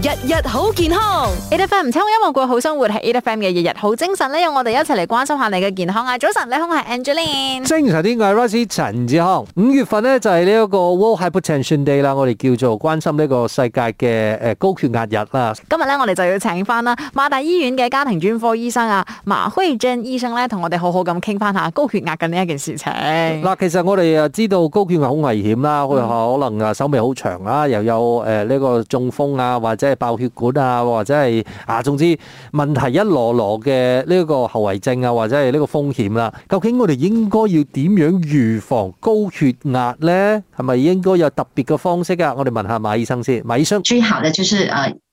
日日好健康，Ai FM 唔抽音樂過好生活係 Ai FM 嘅日日好精神咧，有我哋一齊嚟關心下你嘅健康啊！早晨，你好，係 Angeline。正常啲嘅 r u s e 陳志康，五月份咧就係呢一個 World Hypertension Day 啦，我哋叫做關心呢個世界嘅誒高血壓日啦。今日咧，我哋就要請翻啦，馬大醫院嘅家庭專科醫生啊，馬慧貞醫生咧，同我哋好好咁傾翻下高血壓嘅呢一件事情。嗱，其實我哋啊知道高血壓好危險啦，佢、嗯、可能啊手尾好長啊，又有誒呢個中風啊或者。爆血管啊，或者係啊，總之問題一籮籮嘅呢個後遺症啊，或者係呢個風險啊。究竟我哋應該要點樣預防高血壓咧？係咪應該有特別嘅方式啊？我哋問下馬醫生先，馬醫生。最好的就是誒。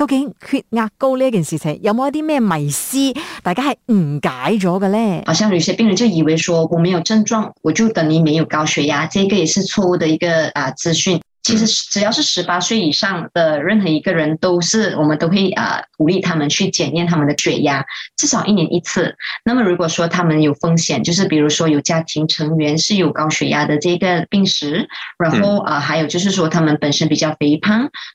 究竟血壓高呢件事情有冇一啲咩迷思？大家係誤解咗嘅咧？好像有些病人就以為說我沒有症狀，我就等於沒有高血壓，呢、這個也是錯誤的一個啊資訊。其實只要是十八歲以上的任何一個人，都是我們都會啊鼓勵他們去檢驗他們的血壓，至少一年一次。那麼如果說他們有風險，就是比如說有家庭成員是有高血壓的這個病史，然後啊，還有就是說他們本身比較肥胖。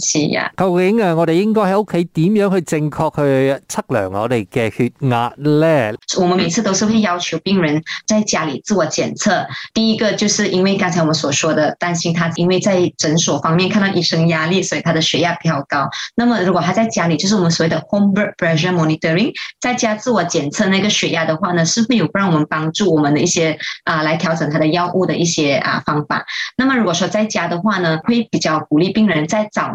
是呀，究竟啊，我哋應該喺屋企點樣去正確去測量我哋嘅血壓咧？我們每次都是會要求病人在家裏自我檢測。第一個就是因為剛才我們所說的擔心，他因為在診所方面看到醫生壓力，所以他的血壓比較高。那麼如果他在家裏，就是我們所謂的 home blood pressure monitoring，在家自我檢測那個血壓的話呢，是否有不讓我們幫助我們的一些啊來調整他的藥物的一些啊方法？那麼如果說在家的話呢，會比較鼓勵病人在早。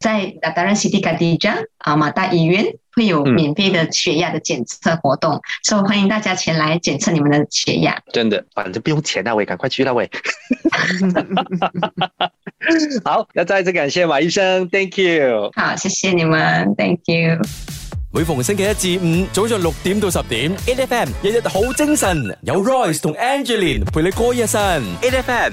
在 Dataran City 卡地加啊，馬大醫院會有免費的血壓的檢測活動。所、嗯、以、so, 歡迎大家前來檢測你們的血壓。真的，反正不用錢啦、啊，我趕快去啦、啊，我。 好，要再一次感謝馬醫生，Thank you。好，謝謝你們，Thank you。每逢星期一至五早上六點到十點，A F M 日日好精神，有 Royce 同 Angeline 陪你過夜神，A F M。